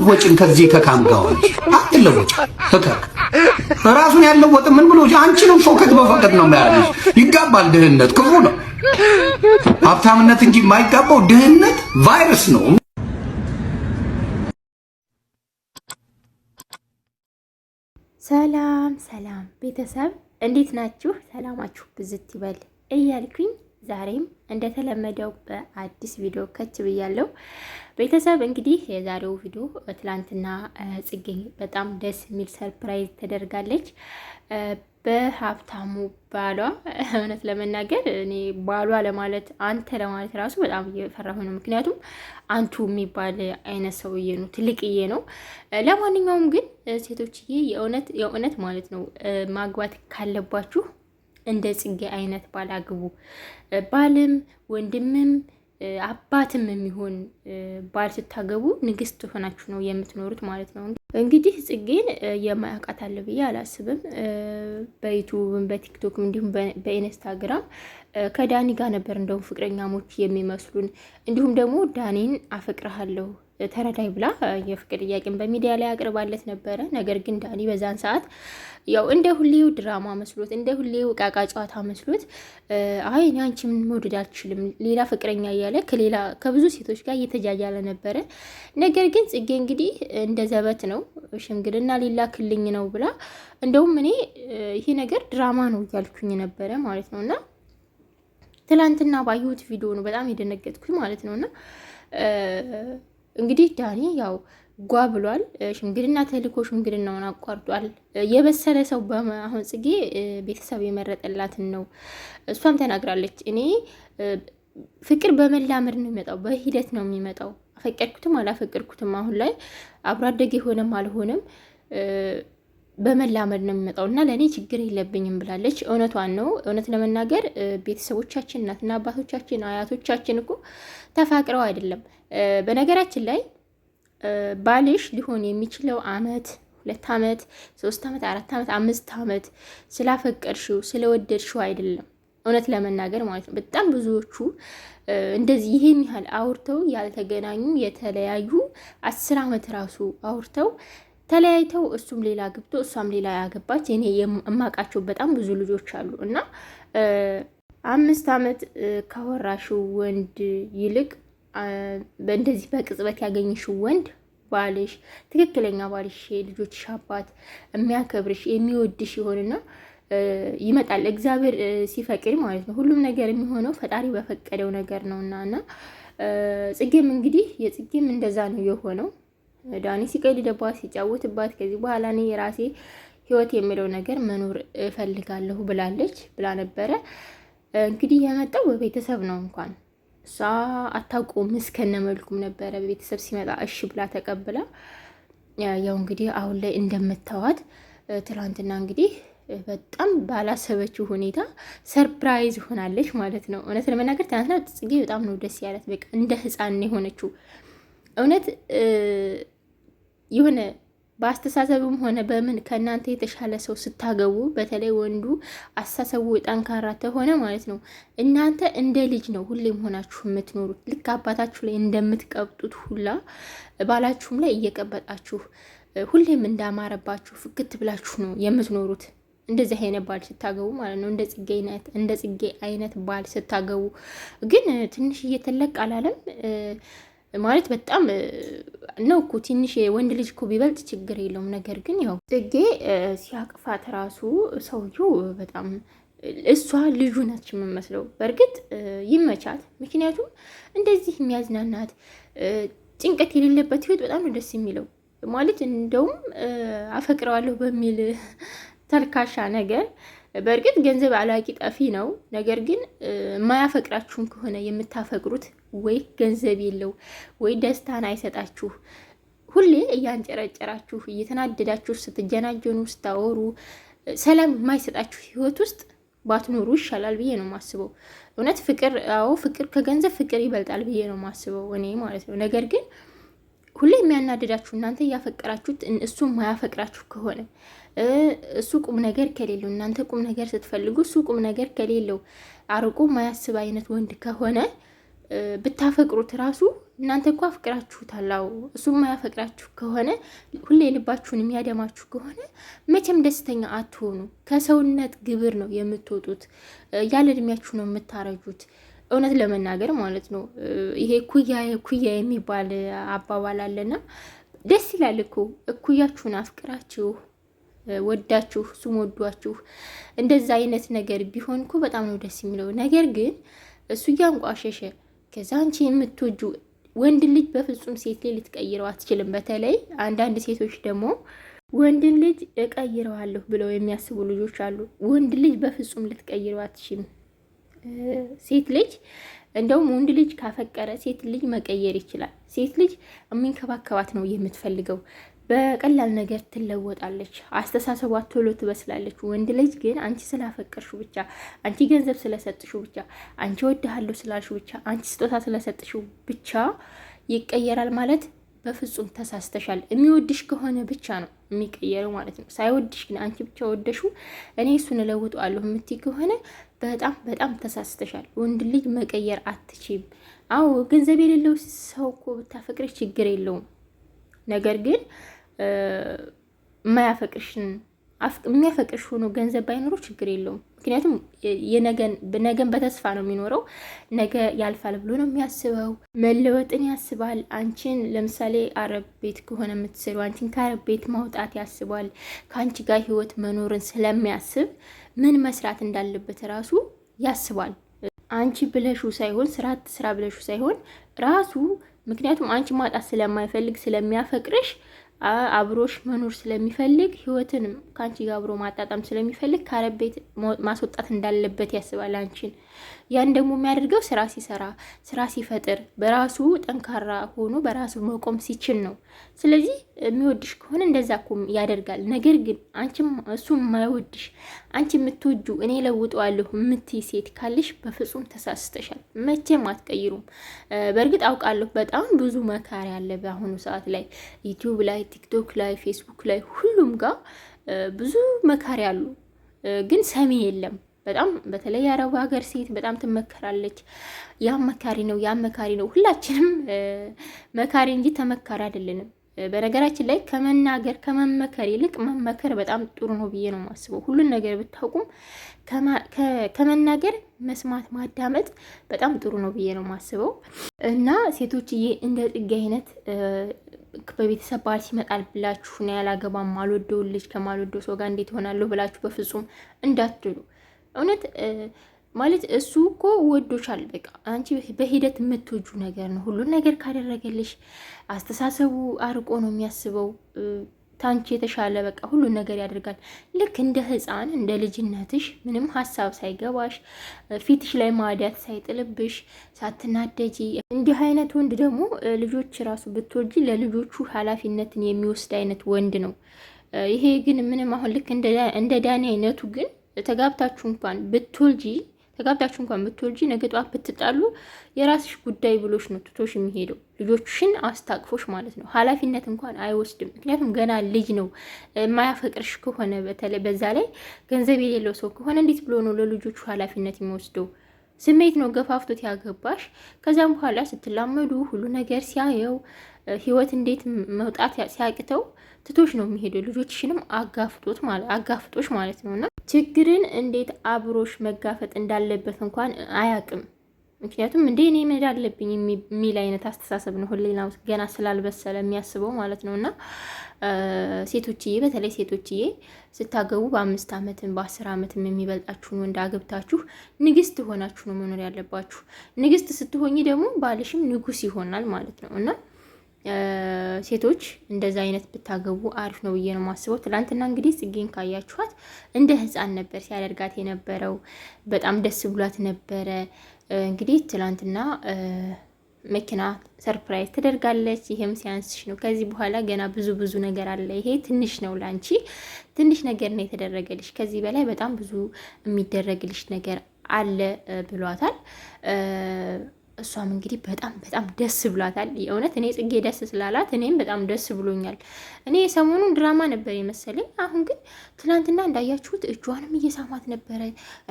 አትለወጭም። ከዚህ ከካም ጋር ሆነሽ አትለወጭ። ፈከክ ራሱን ያለወጥ ምን ብሎ አንቺ ነው ፎከት በፈቀድ ነው የሚያደርግሽ። ይጋባል። ድህነት ክፉ ነው፣ ሀብታምነት እንጂ የማይጋባው ድህነት ቫይረስ ነው። ሰላም ሰላም ቤተሰብ እንዴት ናችሁ? ሰላማችሁ ብዝት ይበል እያልኩኝ ዛሬም እንደተለመደው በአዲስ ቪዲዮ ከች ብያለሁ። ቤተሰብ እንግዲህ የዛሬው ቪዲዮ ትላንትና ጽጌ በጣም ደስ የሚል ሰርፕራይዝ ተደርጋለች በሀብታሙ ባሏ። እውነት ለመናገር እኔ ባሏ ለማለት አንተ ለማለት ራሱ በጣም እየፈራሁ ነው። ምክንያቱም አንቱ የሚባል አይነት ሰውዬ ነው፣ ትልቅዬ ነው። ለማንኛውም ግን ሴቶችዬ የእውነት የእውነት ማለት ነው ማግባት ካለባችሁ እንደ ጽጌ አይነት ባል አግቡ። ባልም ወንድምም አባትም የሚሆን ባል ስታገቡ ንግስት ሆናችሁ ነው የምትኖሩት ማለት ነው። እንግዲህ ጽጌን የማያውቃት አለ ብዬ አላስብም። በዩቱብም በቲክቶክም እንዲሁም በኢንስታግራም ከዳኒ ጋር ነበር እንደውም ፍቅረኛሞች የሚመስሉን። እንዲሁም ደግሞ ዳኒን አፈቅርሃለሁ ተረዳይ ብላ የፍቅር ጥያቄን በሚዲያ ላይ አቅርባለት ነበረ። ነገር ግን ዳኒ በዛን ሰዓት ያው እንደ ሁሌው ድራማ መስሎት እንደ ሁሌው ቃቃ ጨዋታ መስሎት አይ እኔ አንቺን መውደድ አልችልም ሌላ ፍቅረኛ እያለ ከሌላ ከብዙ ሴቶች ጋር እየተጃጃለ ነበረ። ነገር ግን ጽጌ እንግዲህ እንደ ዘበት ነው ሽምግልና ሌላ ክልኝ ነው ብላ እንደውም እኔ ይሄ ነገር ድራማ ነው እያልኩኝ ነበረ ማለት ነው እና ትላንትና ባየሁት ቪዲዮ ነው በጣም የደነገጥኩኝ ማለት ነው እና እንግዲህ ዳኒ ያው ጓ ብሏል። ሽምግልና ተልኮ ሽምግልናውን አቋርጧል። የበሰለ ሰው አሁን ጽጌ ቤተሰብ የመረጠላትን ነው። እሷም ተናግራለች። እኔ ፍቅር በመላመድ ነው የሚመጣው፣ በሂደት ነው የሚመጣው። አፈቀድኩትም አላፈቀድኩትም አሁን ላይ አብሮ አደግ የሆነም አልሆነም በመላመድ ነው የሚመጣው እና ለእኔ ችግር የለብኝም ብላለች። እውነቷን ነው። እውነት ለመናገር ቤተሰቦቻችን፣ እናትና አባቶቻችን፣ አያቶቻችን እኮ ተፋቅረው አይደለም። በነገራችን ላይ ባልሽ ሊሆን የሚችለው አመት ሁለት አመት፣ ሶስት አመት፣ አራት አመት፣ አምስት አመት ስላፈቀድሽው ስለወደድሽው አይደለም። እውነት ለመናገር ማለት ነው። በጣም ብዙዎቹ እንደዚህ ይህን ያህል አውርተው ያልተገናኙ የተለያዩ አስር አመት ራሱ አውርተው ተለያይተው እሱም ሌላ ግብቶ እሷም ሌላ ያገባች እኔ የማውቃቸው በጣም ብዙ ልጆች አሉ እና አምስት ዓመት ከወራሽው ወንድ ይልቅ እንደዚህ በቅጽበት ያገኘሽው ወንድ ባልሽ ትክክለኛ ባልሽ የልጆችሽ አባት የሚያከብርሽ የሚወድሽ ይሆንና ይመጣል። እግዚአብሔር ሲፈቅድ ማለት ነው። ሁሉም ነገር የሚሆነው ፈጣሪ በፈቀደው ነገር ነው እና እና ጽጌም እንግዲህ የጽጌም እንደዛ ነው የሆነው። ዳኒ ሲቀልድባት ሲጫወትባት ከዚህ በኋላ እኔ የራሴ ህይወት የሚለው ነገር መኖር እፈልጋለሁ ብላለች ብላ ነበረ። እንግዲህ የመጣው በቤተሰብ ነው። እንኳን እሷ አታውቀውም እስከነ መልኩም ነበረ። በቤተሰብ ሲመጣ እሺ ብላ ተቀብላ ያው እንግዲህ አሁን ላይ እንደምታዋት ትናንትና እንግዲህ በጣም ባላሰበችው ሁኔታ ሰርፕራይዝ ሆናለች ማለት ነው። እውነት ለመናገር ትናንትና ጽጌ በጣም ነው ደስ ያላት። በቃ እንደ ህፃን የሆነችው እውነት የሆነ በአስተሳሰብም ሆነ በምን ከእናንተ የተሻለ ሰው ስታገቡ በተለይ ወንዱ አስተሳሰቡ ጠንካራ ተሆነ ማለት ነው፣ እናንተ እንደ ልጅ ነው ሁሌም ሆናችሁ የምትኖሩት። ልክ አባታችሁ ላይ እንደምትቀብጡት ሁላ ባላችሁም ላይ እየቀበጣችሁ ሁሌም እንዳማረባችሁ ፍክት ብላችሁ ነው የምትኖሩት። እንደዚህ አይነት ባል ስታገቡ ማለት ነው፣ እንደ ጽጌ አይነት እንደ ጽጌ አይነት ባል ስታገቡ ግን ትንሽ እየተለቅ አላለም ማለት በጣም ነው እኮ ትንሽ ወንድ ልጅ እኮ ቢበልጥ ችግር የለውም። ነገር ግን ያው ጽጌ ሲያቅፋት ራሱ ሰውዬው በጣም እሷ ልጁ ነች የምመስለው። በእርግጥ ይመቻት፣ ምክንያቱም እንደዚህ የሚያዝናናት ጭንቀት የሌለበት ህይወት በጣም ነው ደስ የሚለው። ማለት እንደውም አፈቅረዋለሁ በሚል ተልካሻ ነገር በእርግጥ ገንዘብ አላቂ ጠፊ ነው። ነገር ግን የማያፈቅራችሁም ከሆነ የምታፈቅሩት ወይ ገንዘብ የለው ወይ ደስታን አይሰጣችሁ። ሁሌ እያንጨረጨራችሁ እየተናደዳችሁ ስትጀናጀኑ ስታወሩ ሰላም የማይሰጣችሁ ህይወት ውስጥ ባትኖሩ ይሻላል ብዬ ነው የማስበው። እውነት ፍቅር፣ አዎ ፍቅር ከገንዘብ ፍቅር ይበልጣል ብዬ ነው የማስበው እኔ ማለት ነው። ነገር ግን ሁሌ የሚያናድዳችሁ እናንተ እያፈቀራችሁት እሱ የማያፈቅራችሁ ከሆነ እሱ ቁም ነገር ከሌለው እናንተ ቁም ነገር ስትፈልጉ እሱ ቁም ነገር ከሌለው አርቆ የማያስብ አይነት ወንድ ከሆነ ብታፈቅሩት ራሱ እናንተ እኮ አፍቅራችሁታል። አዎ እሱ የማያፈቅራችሁ ከሆነ ሁሌ ልባችሁን የሚያደማችሁ ከሆነ መቼም ደስተኛ አትሆኑ። ከሰውነት ግብር ነው የምትወጡት፣ ያለ እድሜያችሁ ነው የምታረጁት። እውነት ለመናገር ማለት ነው ይሄ ኩያ ኩያ የሚባል አባባል አለና ደስ ይላል እኮ እኩያችሁን አፍቅራችሁ ወዳችሁ እሱም ወዷችሁ እንደዛ አይነት ነገር ቢሆን እኮ በጣም ነው ደስ የሚለው። ነገር ግን እሱ እያንቋሸሸ ከዛ አንቺ የምትወጁ ወንድ ልጅ በፍጹም ሴት ልጅ ልትቀይረው አትችልም። በተለይ አንዳንድ ሴቶች ደግሞ ወንድን ልጅ እቀይረዋለሁ ብለው የሚያስቡ ልጆች አሉ። ወንድ ልጅ በፍጹም ልትቀይረው አትችልም። ሴት ልጅ እንደውም ወንድ ልጅ ካፈቀረ ሴት ልጅ መቀየር ይችላል። ሴት ልጅ የሚንከባከባት ነው የምትፈልገው። በቀላል ነገር ትለወጣለች። አስተሳሰቧ ቶሎ ትበስላለች። ወንድ ልጅ ግን አንቺ ስላፈቀርሹ ብቻ፣ አንቺ ገንዘብ ስለሰጥሹ ብቻ፣ አንቺ ወድሃለሁ ስላልሹ ብቻ፣ አንቺ ስጦታ ስለሰጥሹ ብቻ ይቀየራል ማለት በፍጹም ተሳስተሻል። የሚወድሽ ከሆነ ብቻ ነው የሚቀየረው ማለት ነው። ሳይወድሽ ግን አንቺ ብቻ ወደሹ እኔ እሱን እለውጠዋለሁ የምትይ ከሆነ በጣም በጣም ተሳስተሻል። ወንድ ልጅ መቀየር አትችም። አዎ ገንዘብ የሌለው ሰው እኮ ብታፈቅሪ ችግር የለውም ነገር ግን የማያፈቅርሽን የሚያፈቅርሽ ሆኖ ገንዘብ ባይኖረው ችግር የለውም። ምክንያቱም ነገን በተስፋ ነው የሚኖረው። ነገ ያልፋል ብሎ ነው የሚያስበው። መለወጥን ያስባል። አንቺን ለምሳሌ አረብ ቤት ከሆነ የምትሰሩ አንቺን ከአረብ ቤት ማውጣት ያስባል። ከአንቺ ጋር ህይወት መኖርን ስለሚያስብ ምን መስራት እንዳለበት ራሱ ያስባል። አንቺ ብለሹ ሳይሆን ስራ ብለሹ ሳይሆን ራሱ ምክንያቱም አንቺ ማጣት ስለማይፈልግ ስለሚያፈቅርሽ አብሮሽ መኖር ስለሚፈልግ ህይወትን ከአንቺ ጋር አብሮ ማጣጣም ስለሚፈልግ ከአረብ ቤት ማስወጣት እንዳለበት ያስባል አንቺን ያን ደግሞ የሚያደርገው ስራ ሲሰራ፣ ስራ ሲፈጥር፣ በራሱ ጠንካራ ሆኖ በራሱ መቆም ሲችል ነው። ስለዚህ የሚወድሽ ከሆነ እንደዛ እኮ ያደርጋል። ነገር ግን አንቺም እሱ የማይወድሽ አንቺ የምትወጁ እኔ ለውጠዋለሁ የምትይ ሴት ካለሽ በፍጹም ተሳስተሻል። መቼም አትቀይሩም። በእርግጥ አውቃለሁ በጣም ብዙ መካሪ አለ በአሁኑ ሰዓት ላይ ዩቲዩብ ላይ፣ ቲክቶክ ላይ፣ ፌስቡክ ላይ ሁሉም ጋር ብዙ መካሪ አሉ፣ ግን ሰሚ የለም። በጣም በተለይ የአረብ ሀገር ሴት በጣም ትመከራለች። ያም መካሪ ነው፣ ያም መካሪ ነው። ሁላችንም መካሪ እንጂ ተመካሪ አይደለንም። በነገራችን ላይ ከመናገር ከመመከር ይልቅ መመከር በጣም ጥሩ ነው ብዬ ነው የማስበው። ሁሉን ነገር ብታውቁም ከመናገር መስማት፣ ማዳመጥ በጣም ጥሩ ነው ብዬ ነው የማስበው እና ሴቶችዬ እንደ ጥጌ አይነት በቤተሰብ በዓል ሲመጣል ብላችሁ ነው ያላገባም አልወደው ልጅ ከማልወደው ሰው ጋር እንዴት ይሆናለሁ ብላችሁ በፍጹም እንዳትሉ። እውነት ማለት እሱ እኮ ወዶሻል። በቃ አንቺ በሂደት የምትወጁ ነገር ነው። ሁሉን ነገር ካደረገልሽ አስተሳሰቡ አርቆ ነው የሚያስበው። ታንቺ የተሻለ በቃ ሁሉን ነገር ያደርጋል። ልክ እንደ ህፃን እንደ ልጅነትሽ ምንም ሀሳብ ሳይገባሽ ፊትሽ ላይ ማዲያት ሳይጥልብሽ ሳትናደጂ። እንዲህ አይነት ወንድ ደግሞ ልጆች ራሱ ብትወጂ ለልጆቹ ኃላፊነትን የሚወስድ አይነት ወንድ ነው። ይሄ ግን ምንም አሁን ልክ እንደ ዳኒ አይነቱ ግን ተጋብታችሁ እንኳን ብትወልጂ ተጋብታችሁ እንኳን ብትወልጂ ነገ ጠዋት ብትጣሉ የራስሽ ጉዳይ ብሎሽ ነው ትቶሽ የሚሄደው። ልጆችሽን አስታቅፎሽ ማለት ነው። ኃላፊነት እንኳን አይወስድም። ምክንያቱም ገና ልጅ ነው። የማያፈቅርሽ ከሆነ በተለይ በዛ ላይ ገንዘብ የሌለው ሰው ከሆነ እንዴት ብሎ ነው ለልጆቹ ኃላፊነት የሚወስደው? ስሜት ነው ገፋፍቶት ያገባሽ። ከዚያም በኋላ ስትላመዱ ሁሉ ነገር ሲያየው ህይወት እንዴት መውጣት ሲያቅተው ትቶሽ ነው የሚሄደው። ልጆችሽንም አጋፍጦት አጋፍጦሽ ማለት ነው እና ችግርን እንዴት አብሮሽ መጋፈጥ እንዳለበት እንኳን አያቅም። ምክንያቱም እንዴ እኔ መሄድ አለብኝ የሚል አይነት አስተሳሰብ ነው ህሊና ገና ስላልበሰለ የሚያስበው ማለት ነው። እና ሴቶችዬ፣ በተለይ ሴቶችዬ ስታገቡ በአምስት ዓመትም በአስር ዓመትም የሚበልጣችሁን ወንድ አግብታችሁ ንግስት ሆናችሁ ነው መኖር ያለባችሁ። ንግስት ስትሆኝ ደግሞ ባልሽም ንጉስ ይሆናል ማለት ነው እና ሴቶች እንደዛ አይነት ብታገቡ አሪፍ ነው ብዬ ነው የማስበው። ትላንትና እንግዲህ ጽጌን ካያችኋት እንደ ህፃን ነበር ሲያደርጋት የነበረው። በጣም ደስ ብሏት ነበረ። እንግዲህ ትላንትና መኪና ሰርፕራይዝ ትደርጋለች። ይህም ሲያንስሽ ነው። ከዚህ በኋላ ገና ብዙ ብዙ ነገር አለ። ይሄ ትንሽ ነው ላንቺ፣ ትንሽ ነገር ነው የተደረገልሽ። ከዚህ በላይ በጣም ብዙ የሚደረግልሽ ነገር አለ ብሏታል። እሷም እንግዲህ በጣም በጣም ደስ ብሏታል። የእውነት እኔ ጽጌ ደስ ስላላት እኔም በጣም ደስ ብሎኛል። እኔ የሰሞኑን ድራማ ነበር የመሰለኝ። አሁን ግን ትናንትና እንዳያችሁት እጇንም እየሳማት ነበረ፣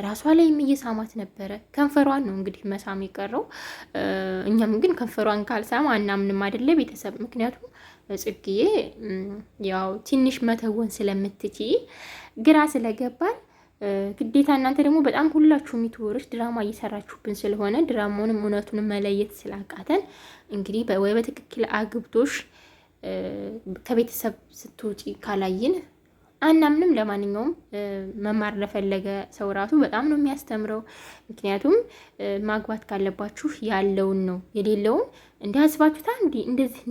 ራሷ ላይም እየሳማት ነበረ። ከንፈሯን ነው እንግዲህ መሳም የቀረው። እኛም ግን ከንፈሯን ካልሳማ አናምንም አይደለ ቤተሰብ? ምክንያቱም ጽጌ ያው ትንሽ መተወን ስለምትችይ ግራ ስለገባን ግዴታ እናንተ ደግሞ በጣም ሁላችሁም ዩቲዩበሮች ድራማ እየሰራችሁብን ስለሆነ ድራማውንም እውነቱን መለየት ስላቃተን እንግዲህ ወይ በትክክል አግብቶሽ ከቤተሰብ ስትውጪ ካላይን አናምንም። ለማንኛውም መማር ለፈለገ ሰው ራሱ በጣም ነው የሚያስተምረው። ምክንያቱም ማግባት ካለባችሁ ያለውን ነው የሌለውን እንዲያስባችሁታ እንደዚህ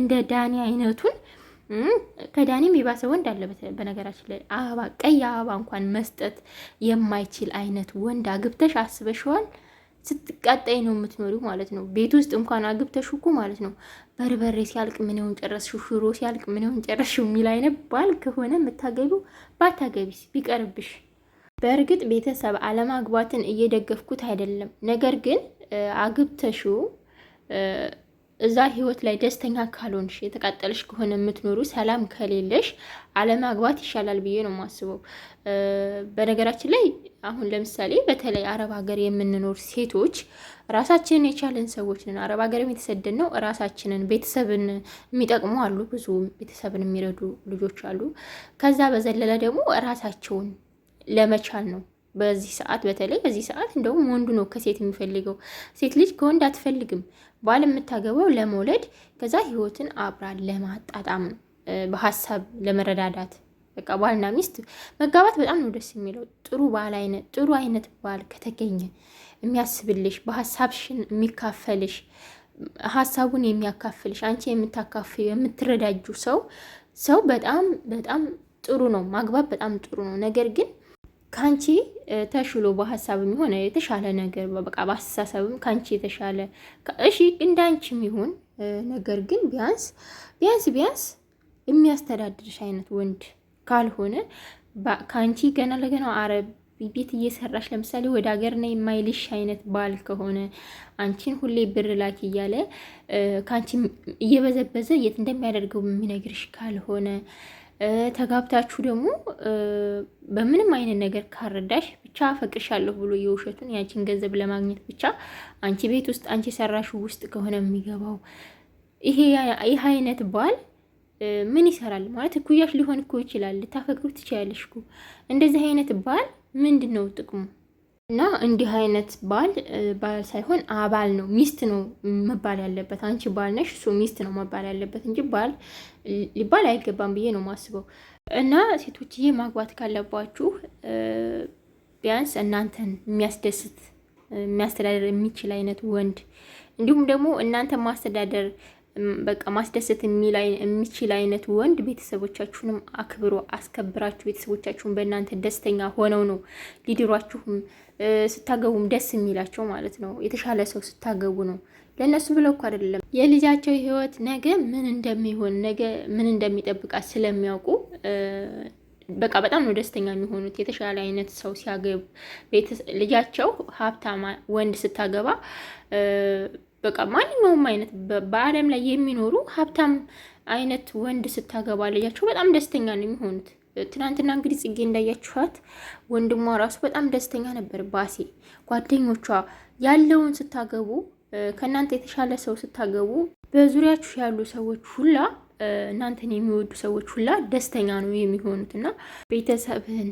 እንደ ዳኒ አይነቱን ከዳኒም የባሰ ወንድ አለ። በነገራችን ላይ አበባ ቀይ አበባ እንኳን መስጠት የማይችል አይነት ወንድ አግብተሽ አስበሽዋል። ስትቀጣይ ነው የምትኖሪው ማለት ነው። ቤት ውስጥ እንኳን አግብተሽ እኮ ማለት ነው በርበሬ ሲያልቅ ምንውን ጨረስሽ፣ ሽሮ ሲያልቅ ምንውን ጨረስሽ የሚል አይነት ባል ከሆነ የምታገቢው ባታገቢስ ቢቀርብሽ። በእርግጥ ቤተሰብ አለማግባትን እየደገፍኩት አይደለም። ነገር ግን አግብተሽው እዛ ህይወት ላይ ደስተኛ ካልሆንሽ የተቃጠለሽ ከሆነ የምትኖሩ ሰላም ከሌለሽ አለማግባት ይሻላል ብዬ ነው የማስበው። በነገራችን ላይ አሁን ለምሳሌ በተለይ አረብ ሀገር የምንኖር ሴቶች ራሳችንን የቻለን ሰዎች ነን። አረብ ሀገር የተሰደን ነው ራሳችንን ቤተሰብን የሚጠቅሙ አሉ፣ ብዙ ቤተሰብን የሚረዱ ልጆች አሉ። ከዛ በዘለለ ደግሞ ራሳቸውን ለመቻል ነው በዚህ ሰዓት በተለይ በዚህ ሰዓት እንደውም ወንዱ ነው ከሴት የሚፈልገው። ሴት ልጅ ከወንድ አትፈልግም። ባል የምታገባው ለመውለድ ከዛ ህይወትን አብራ ለማጣጣም ነው፣ በሀሳብ ለመረዳዳት። በቃ ባልና ሚስት መጋባት በጣም ነው ደስ የሚለው። ጥሩ ባል አይነት ጥሩ አይነት ባል ከተገኘ የሚያስብልሽ፣ በሀሳብሽን የሚካፈልሽ፣ ሀሳቡን የሚያካፍልሽ፣ አንቺ የምታካፍ የምትረዳጁ ሰው ሰው በጣም በጣም ጥሩ ነው። ማግባት በጣም ጥሩ ነው። ነገር ግን ከአንቺ ተሽሎ በሀሳብም የሆነ የተሻለ ነገር በቃ በአስተሳሰብም ከአንቺ የተሻለ እሺ እንዳንቺም ይሁን ነገር ግን ቢያንስ ቢያንስ ቢያንስ የሚያስተዳድርሽ አይነት ወንድ ካልሆነ ከአንቺ ገና ለገና አረብ ቤት እየሰራሽ ለምሳሌ ወደ ሀገር ነ የማይልሽ አይነት ባል ከሆነ አንቺን ሁሌ ብር ላኪ እያለ ከአንቺ እየበዘበዘ የት እንደሚያደርገው የሚነግርሽ ካልሆነ ተጋብታችሁ ደግሞ በምንም አይነት ነገር ካረዳሽ ብቻ አፈቅርሻለሁ ብሎ የውሸቱን ያንቺን ገንዘብ ለማግኘት ብቻ አንቺ ቤት ውስጥ አንቺ ሰራሽ ውስጥ ከሆነ የሚገባው ይህ አይነት ባል ምን ይሰራል ማለት እኩያሽ ሊሆን እኮ ይችላል። ልታፈቅሩ ትችላለሽ እኮ። እንደዚህ አይነት ባል ምንድን ነው ጥቅሙ? እና እንዲህ አይነት ባል ባል ሳይሆን አባል ነው፣ ሚስት ነው መባል ያለበት። አንቺ ባል ነሽ፣ እሱ ሚስት ነው መባል ያለበት እንጂ ባል ሊባል አይገባም ብዬ ነው ማስበው። እና ሴቶችዬ ማግባት ካለባችሁ ቢያንስ እናንተን የሚያስደስት የሚያስተዳደር የሚችል አይነት ወንድ እንዲሁም ደግሞ እናንተ ማስተዳደር በቃ ማስደሰት የሚችል አይነት ወንድ ቤተሰቦቻችሁንም አክብሮ አስከብራችሁ ቤተሰቦቻችሁን በእናንተ ደስተኛ ሆነው ነው ሊድሯችሁም ስታገቡም ደስ የሚላቸው ማለት ነው። የተሻለ ሰው ስታገቡ ነው። ለእነሱ ብለው እኮ አይደለም የልጃቸው ህይወት ነገ ምን እንደሚሆን ነገ ምን እንደሚጠብቃት ስለሚያውቁ በቃ በጣም ነው ደስተኛ የሚሆኑት። የተሻለ አይነት ሰው ሲያገቡ ልጃቸው ሀብታማ ወንድ ስታገባ በቃ ማንኛውም አይነት በዓለም ላይ የሚኖሩ ሀብታም አይነት ወንድ ስታገባ ልጃቸው በጣም ደስተኛ ነው የሚሆኑት። ትናንትና እንግዲህ ጽጌ እንዳያችኋት ወንድሟ ራሱ በጣም ደስተኛ ነበር። ባሴ ጓደኞቿ ያለውን ስታገቡ፣ ከእናንተ የተሻለ ሰው ስታገቡ፣ በዙሪያችሁ ያሉ ሰዎች ሁላ እናንተን የሚወዱ ሰዎች ሁላ ደስተኛ ነው የሚሆኑት እና ቤተሰብህን፣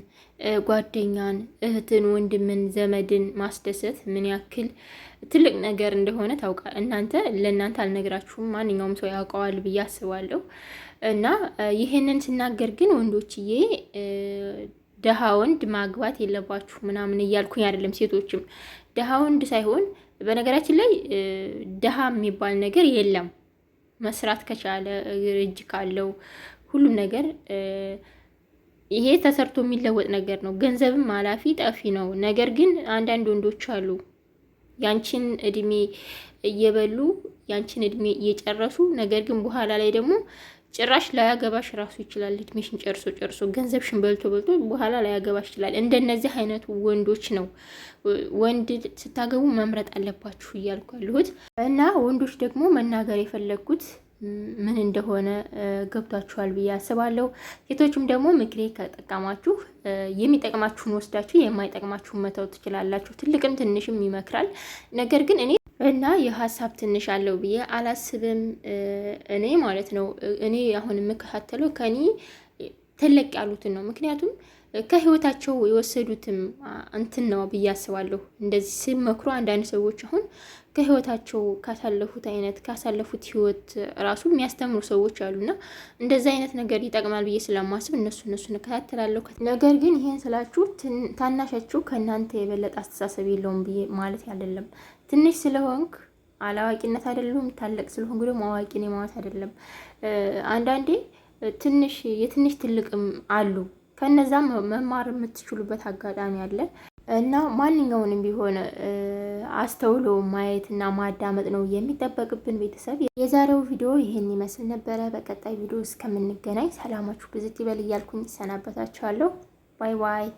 ጓደኛን፣ እህትን፣ ወንድምን፣ ዘመድን ማስደሰት ምን ያክል ትልቅ ነገር እንደሆነ ታውቃ እናንተ ለእናንተ አልነግራችሁም ማንኛውም ሰው ያውቀዋል ብዬ አስባለሁ እና ይህንን ስናገር ግን ወንዶችዬ ደሃ ወንድ ማግባት የለባችሁ ምናምን እያልኩኝ አይደለም። ሴቶችም ደሃ ወንድ ሳይሆን በነገራችን ላይ ደሃ የሚባል ነገር የለም። መስራት ከቻለ እጅ ካለው ሁሉም ነገር ይሄ ተሰርቶ የሚለወጥ ነገር ነው። ገንዘብም አላፊ ጠፊ ነው። ነገር ግን አንዳንድ ወንዶች አሉ ያንቺን እድሜ እየበሉ ያንቺን እድሜ እየጨረሱ ነገር ግን በኋላ ላይ ደግሞ ጭራሽ ላያገባሽ ራሱ ይችላል። እድሜሽን ጨርሶ ጨርሶ ገንዘብሽን በልቶ በልቶ በኋላ ላያገባሽ ይችላል። እንደነዚህ አይነቱ ወንዶች ነው ወንድ ስታገቡ መምረጥ አለባችሁ እያልኩ ያለሁት እና ወንዶች ደግሞ መናገር የፈለግኩት ምን እንደሆነ ገብቷችኋል ብዬ አስባለሁ። ሴቶችም ደግሞ ምክሬ ከጠቀማችሁ የሚጠቅማችሁን ወስዳችሁ የማይጠቅማችሁን መተው ትችላላችሁ። ትልቅም ትንሽም ይመክራል። ነገር ግን እኔ እና የሀሳብ ትንሽ አለው ብዬ አላስብም። እኔ ማለት ነው እኔ አሁን የምከታተለው ከኔ ተለቅ ያሉትን ነው። ምክንያቱም ከህይወታቸው የወሰዱትም እንትን ነው ብዬ አስባለሁ። እንደዚህ ሲመክሩ አንዳንድ ሰዎች አሁን ከህይወታቸው ካሳለፉት አይነት ካሳለፉት ህይወት ራሱ የሚያስተምሩ ሰዎች አሉና እንደዚህ አይነት ነገር ይጠቅማል ብዬ ስለማስብ እነሱ እነሱ እከታተላለሁ። ነገር ግን ይሄን ስላችሁ ታናሻችሁ ከእናንተ የበለጠ አስተሳሰብ የለውም ብዬ ማለት አይደለም። ትንሽ ስለሆንክ አላዋቂነት አይደለም። ታለቅ ስለሆንክ ደግሞ አዋቂ ነኝ ማለት አይደለም። አንዳንዴ ትንሽ የትንሽ ትልቅም አሉ። ከነዛም መማር የምትችሉበት አጋጣሚ አለ እና ማንኛውንም ቢሆን አስተውሎ ማየት እና ማዳመጥ ነው የሚጠበቅብን። ቤተሰብ የዛሬው ቪዲዮ ይህን ይመስል ነበረ። በቀጣይ ቪዲዮ እስከምንገናኝ ሰላማችሁ ብዝት ይበል እያልኩኝ ይሰናበታችኋለሁ። ባይ ባይ።